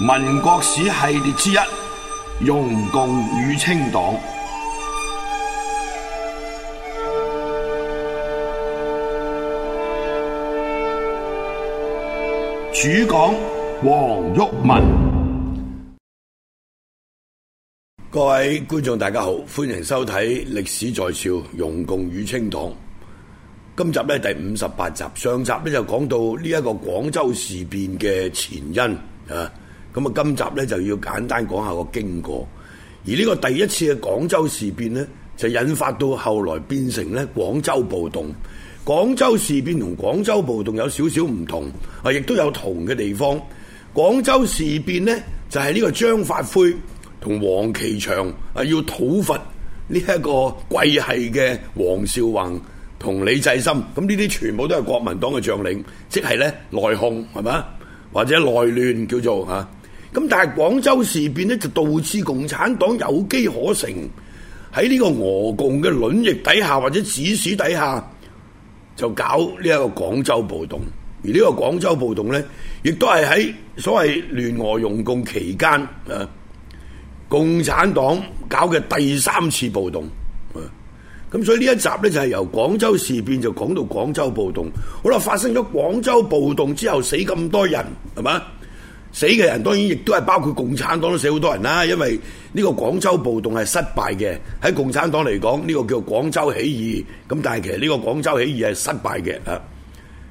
民國史系列之一《容共與清黨》主，主講黃毓民。各位觀眾大家好，歡迎收睇《歷史在笑容共與清黨》。今集呢，第五十八集，上集呢，就講到呢一個廣州事變嘅前因啊。咁啊，今集咧就要簡單講下個經過。而呢個第一次嘅廣州事變呢，就引發到後來變成咧廣州暴動。廣州事變同廣州暴動有少少唔同啊，亦都有同嘅地方。廣州事變呢，就係呢個張發奎同黃琪翔啊，要討伐呢一個桂系嘅黃紹竑同李濟深。咁呢啲全部都係國民黨嘅將領，即係咧內訌係嘛，或者內亂叫做嚇。咁但係廣州事變咧，就導致共產黨有機可乘，喺呢個俄共嘅卵翼底下或者指使底下，就搞呢一個廣州暴動。而呢個廣州暴動咧，亦都係喺所謂聯俄容共期間，啊，共產黨搞嘅第三次暴動。咁、啊、所以呢一集咧就係、是、由廣州事變就講到廣州暴動。好啦，發生咗廣州暴動之後，死咁多人，係嘛？死嘅人當然亦都係包括共產黨都死好多人啦，因為呢個廣州暴動係失敗嘅。喺共產黨嚟講，呢個叫廣州起義，咁但係其實呢個廣州起義係失敗嘅啊。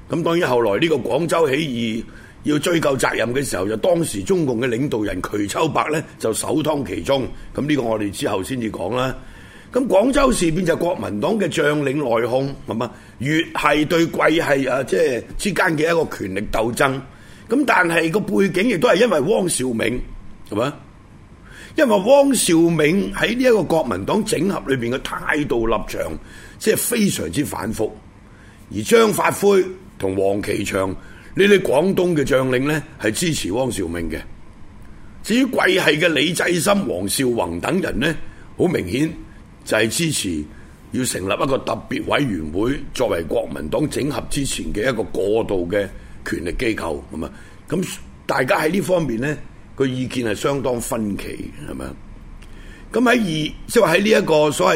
咁當然後來呢個廣州起義要追究責任嘅時候，就當時中共嘅領導人瞿秋白呢就首當其衝。咁呢個我哋之後先至講啦。咁、啊、廣州事變就國民黨嘅將領內訌啊嘛，粵系對桂系啊，即係之間嘅一個權力鬥爭。咁但係個背景亦都係因為汪兆銘係嘛，因為汪兆銘喺呢一個國民黨整合裏面嘅態度立場，即係非常之反覆。而張發奎同黃琪翔呢啲廣東嘅將領呢，係支持汪兆銘嘅。至於桂系嘅李濟深、黃紹竑等人呢，好明顯就係支持要成立一個特別委員會，作為國民黨整合之前嘅一個過渡嘅。權力機構咁啊，咁大家喺呢方面呢個意見係相當分歧，係咪？咁喺二即係話喺呢一個所謂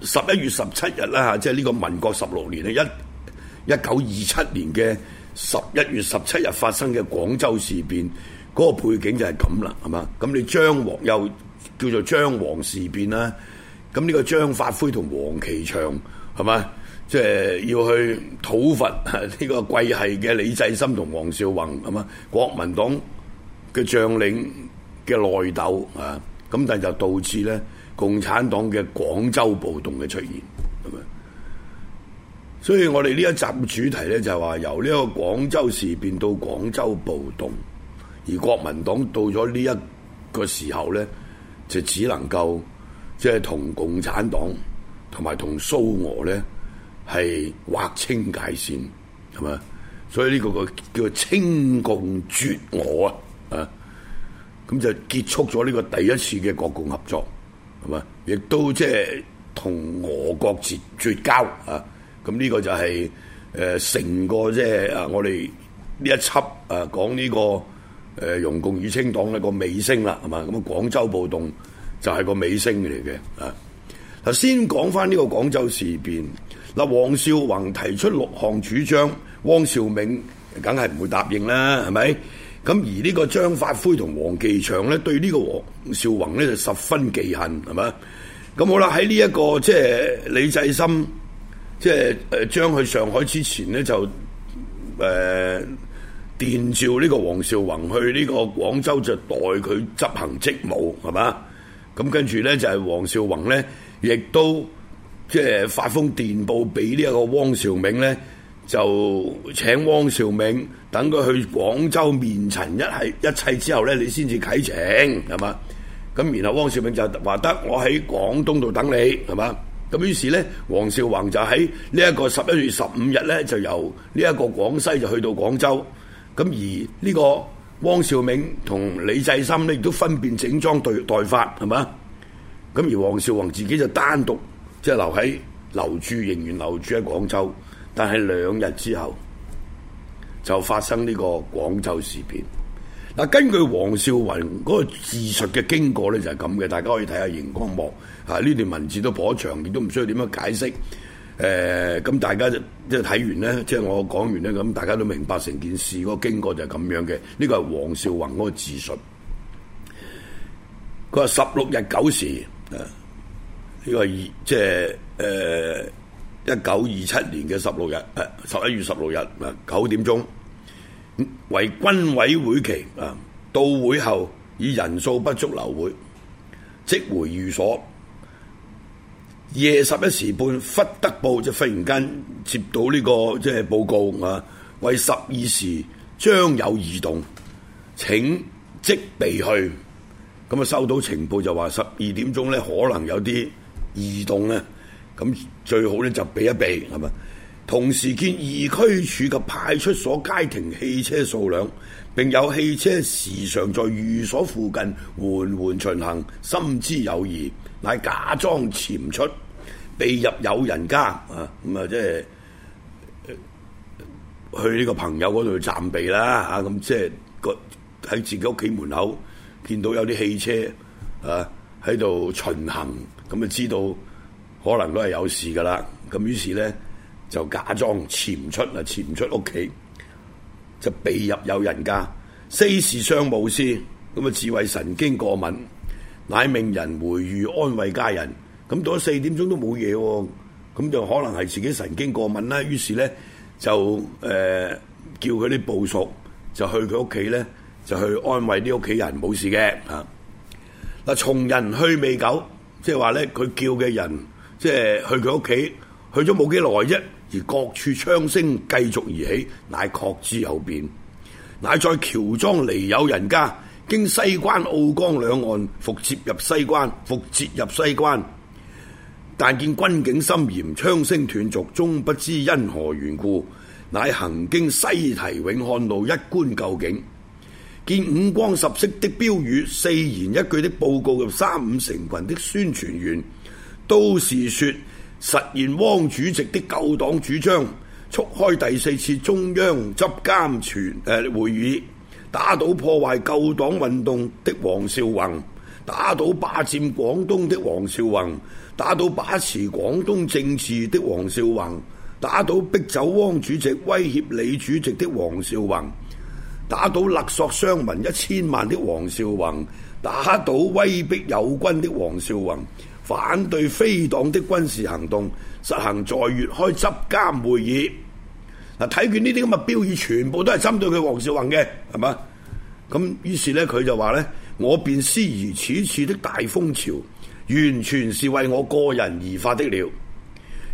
誒十一月十七日啦、啊、即係呢個民國十六年咧一一九二七年嘅十一月十七日發生嘅廣州事變，嗰、那個背景就係咁啦，係嘛？咁你張黃又叫做張黃事變啦，咁、啊、呢個張發奎同黃琪翔係嘛？即係要去討伐呢個桂系嘅李濟深同黃紹竑，係嘛？國民黨嘅將領嘅內鬥啊，咁但係就導致咧共產黨嘅廣州暴動嘅出現，咁啊。所以我哋呢一集主題咧，就係話由呢個廣州事變到廣州暴動，而國民黨到咗呢一個時候咧，就只能夠即係、就是、同共產黨同埋同蘇俄咧。係劃清界線，係嘛？所以呢個個叫做清共絕俄啊，啊！咁就結束咗呢個第一次嘅國共合作，係嘛？亦都即係同俄國絕絕交啊！咁呢個就係誒成個即係啊，我哋呢一輯啊講呢個誒容共與清黨一個尾聲啦，係嘛？咁啊，廣州暴動就係個尾聲嚟嘅啊！嗱，先講翻呢個廣州事變。嗱，黃少宏提出六項主張，汪兆銘梗係唔會答應啦，係咪？咁而個張呢個張發輝同黃記祥咧，對個兆呢個黃少宏咧就十分記恨，係嘛？咁好啦，喺呢一個即係、就是、李濟深，即係誒，將去上海之前咧就誒、呃、電召呢個黃少宏去呢個廣州就代佢執行職務，係嘛？咁跟住咧就係黃少宏咧，亦都。即係發封電報俾呢一個汪兆銘咧，就請汪兆銘等佢去廣州面陳一係一切之後咧，你先至啟程係嘛？咁然後汪兆銘就話得，我喺廣東度等你係嘛？咁於是咧，黃少宏就喺呢一個十一月十五日咧，就由呢一個廣西就去到廣州。咁而呢個汪兆銘同李濟深咧，亦都分別整裝待待發係嘛？咁而黃少宏自己就單獨。即係留喺留住仍然留住喺廣州，但係兩日之後就發生呢個廣州事變。嗱、啊，根據黃紹宏嗰個自述嘅經過咧就係咁嘅，大家可以睇下熒光幕啊，呢段文字都頗長，亦都唔需要點樣解釋。誒、呃，咁、嗯、大家就即係睇完咧，即係我講完咧，咁大家都明白成件事嗰個經過就係咁樣嘅。呢、這個係黃紹宏嗰個自述。佢話十六日九時啊。呢個二即係誒，一九二七年嘅十六日，十、uh, 一月十六日啊，九、uh, 點鐘，為軍委會期啊，uh, 到會後以人數不足留會，即回寓所。夜十一時半，忽得報就忽然間接到呢、這個即係、就是、報告啊，uh, 為十二時將有異動，請即備去。咁、嗯、啊，收到情報就話十二點鐘呢，可能有啲。移動呢，咁最好呢就避一避，係咪？同時見二區處及派出所皆停汽車數量，並有汽車時常在寓所附近緩緩巡行，心知有疑，乃假裝潛出，避入友人家啊！咁、嗯、啊，即係去呢個朋友嗰度暫避啦，吓咁即係個喺自己屋企門口見到有啲汽車啊喺度巡行。咁就知道可能都係有事㗎喇，咁於是咧就假裝潛出啊，潛出屋企就避入友人家，四時尚無事，咁啊自謂神經過敏，乃命人回寓安慰家人。咁到咗四點鐘都冇嘢喎，咁就可能係自己神經過敏啦。於是咧就誒、呃、叫佢啲部屬就去佢屋企咧，就去安慰啲屋企人冇事嘅嚇。嗱，從人去未久。即係話咧，佢叫嘅人，即係去佢屋企，去咗冇幾耐啫，而各處槍聲繼續而起，乃確知有變。乃在喬莊離友人家，經西關澳江兩岸，復接入西關，復接入西關。但見軍警森嚴，槍聲斷續，終不知因何緣故。乃行經西堤永漢路，一觀究竟。見五光十色的標語，四言一句的報告，及三五成群的宣傳員，都是說實現汪主席的救黨主張，促開第四次中央執監全會議，打倒破壞救黨運動的黃紹宏，打倒霸占廣東的黃紹宏，打倒把持廣東政治的黃紹宏，打倒逼走汪主席、威脅李主席的黃紹宏。打倒勒索商民一千萬的黃少雲，打倒威逼友軍的黃少雲，反對非黨的軍事行動，實行在粵開執監會議。嗱，睇見呢啲咁嘅標語，全部都係針對佢黃少雲嘅，係嘛？咁於是呢，佢就話呢：我便私疑此次的大風潮，完全是為我個人而發的了。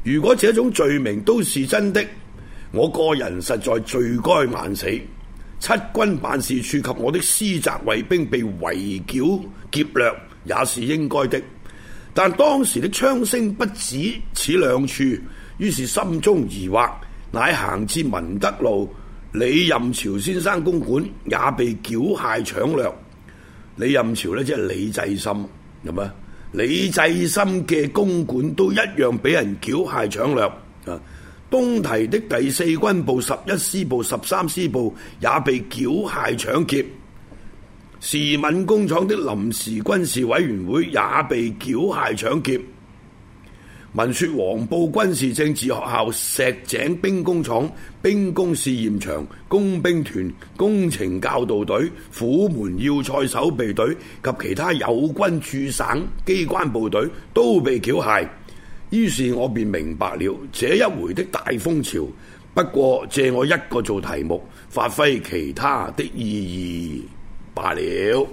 如果這種罪名都是真的，我個人實在罪該萬死。七軍辦事處及我的私宅衛兵被圍繳劫掠也是應該的，但當時的槍聲不止此兩處，於是心中疑惑，乃行至文德路李任潮先生公館，也被繳械搶掠。李任潮呢，即係李濟深，係咪？李濟深嘅公館都一樣俾人繳械搶掠啊！東堤的第四軍部、十一師部、十三師部也被繳械搶劫，士敏工廠的臨時軍事委員會也被繳械搶劫。聞說黃埔軍事政治學校、石井兵工廠、兵工試驗場、工兵團、工程教導隊、虎門要塞守備隊及其他有關駐省機關部隊都被繳械。於是我便明白了，這一回的大風潮不過借我一個做題目，發揮其他的意義罷了。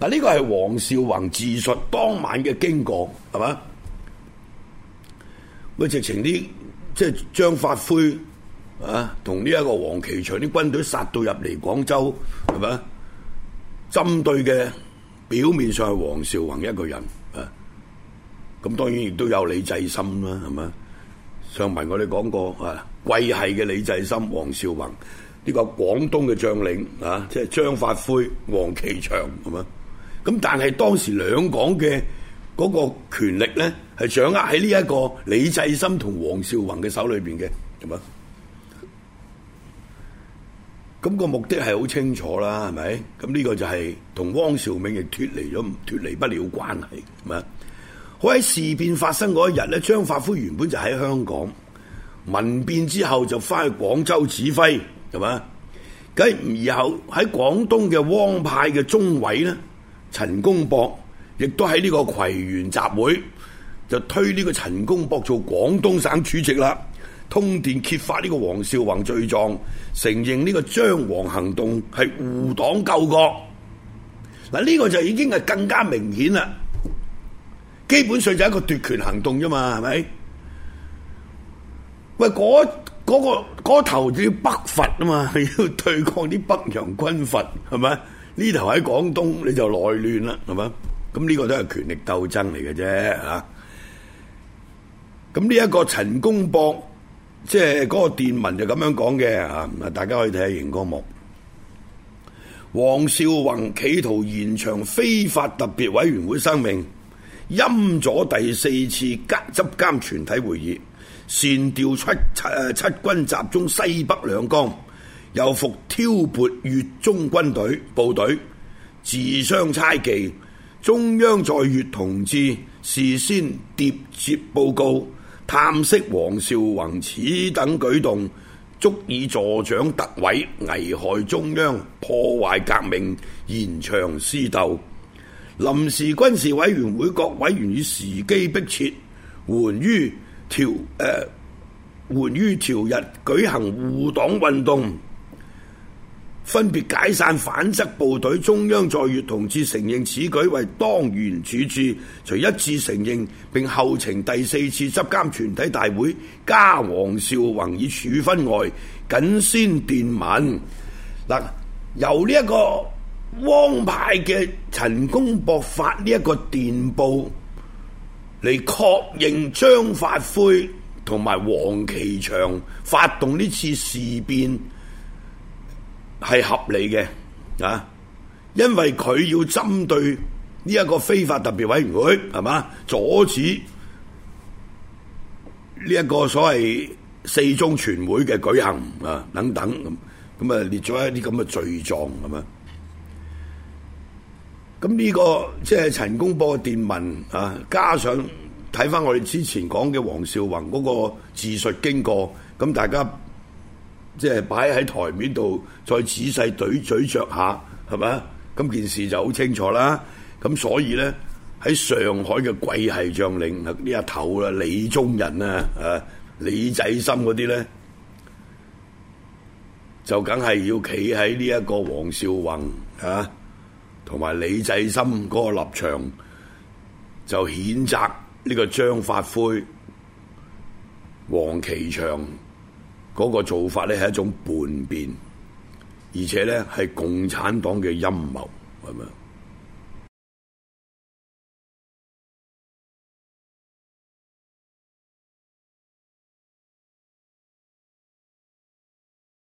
嗱，呢個係黃紹宏自述當晚嘅經過，係嘛？佢直情啲即係張發奎，啊，同呢一個黃琪翔啲軍隊殺到入嚟廣州，係嘛？針對嘅表面上係黃紹宏一個人啊。咁當然亦都有李濟深啦，係嘛？上文我哋講過啊，桂系嘅李濟深、黃紹竑呢個廣東嘅將領啊，即係張發奎、黃琪翔，係嘛？咁但係當時兩廣嘅嗰個權力咧，係掌握喺呢一個李濟深同黃紹竑嘅手裏邊嘅，係嘛？咁個目的係好清楚啦，係咪？咁呢個就係同汪兆銘亦脫離咗、脫離不了關係，係嘛？喺事變發生嗰一日咧，張發輝原本就喺香港，民變之後就翻去廣州指揮，係嘛？咁又喺廣東嘅汪派嘅中委咧，陳公博亦都喺呢個葵園集會，就推呢個陳公博做廣東省主席啦。通電揭發呢個黃紹宏罪狀，承認呢個張王行動係護黨救國。嗱，呢個就已經係更加明顯啦。基本上就係一個奪權行動啫嘛，係咪？喂，嗰嗰、嗰個嗰頭就要北伐啊嘛，要對抗啲北洋軍閥，係咪？呢頭喺廣東你就內亂啦，係咪？咁呢個都係權力鬥爭嚟嘅啫，吓、啊。咁呢一個陳公博即係嗰個電文就咁樣講嘅，吓，大家可以睇下熒光幕。黃紹宏企圖延長非法特別委員會生命。陰咗第四次執監全體會議，擅調七七軍集中西北兩江，又服挑撥粵中軍隊部隊，自相猜忌。中央在粵同志事先疊接報告，探悉黃紹竑此等舉動，足以助長特委危害中央，破壞革命，延長私鬥。臨時軍事委員會各委員以時機迫切，緩於調呃，緩於調日舉行護黨運動，分別解散反側部隊。中央在粵同志承認此舉為當然處置，除一致承認並候情第四次執監全體大會加汪兆銘以處分外，謹先電文嗱，由呢、這、一個。汪派嘅陳公博發呢一個電報嚟確認張發奎同埋黃琪翔發動呢次事變係合理嘅啊，因為佢要針對呢一個非法特別委員會係嘛，阻止呢一個所謂四中全會嘅舉行啊，等等咁咁啊，列咗一啲咁嘅罪狀咁啊。咁呢、這個即係、就是、陳公博嘅電文啊，加上睇返我哋之前講嘅黃紹竑嗰個自述經過，咁大家即係擺喺台面度，再仔細咀嚼下，係咪？咁件事就好清楚啦。咁所以咧，喺上海嘅桂系將領，呢一頭啦，李宗仁啊，啊李濟深嗰啲咧，就梗係要企喺呢一個黃紹竑啊，同埋李濟深嗰個立場，就譴責呢個張發奎、黃琪翔嗰個做法呢係一種叛變，而且呢係共產黨嘅陰謀，係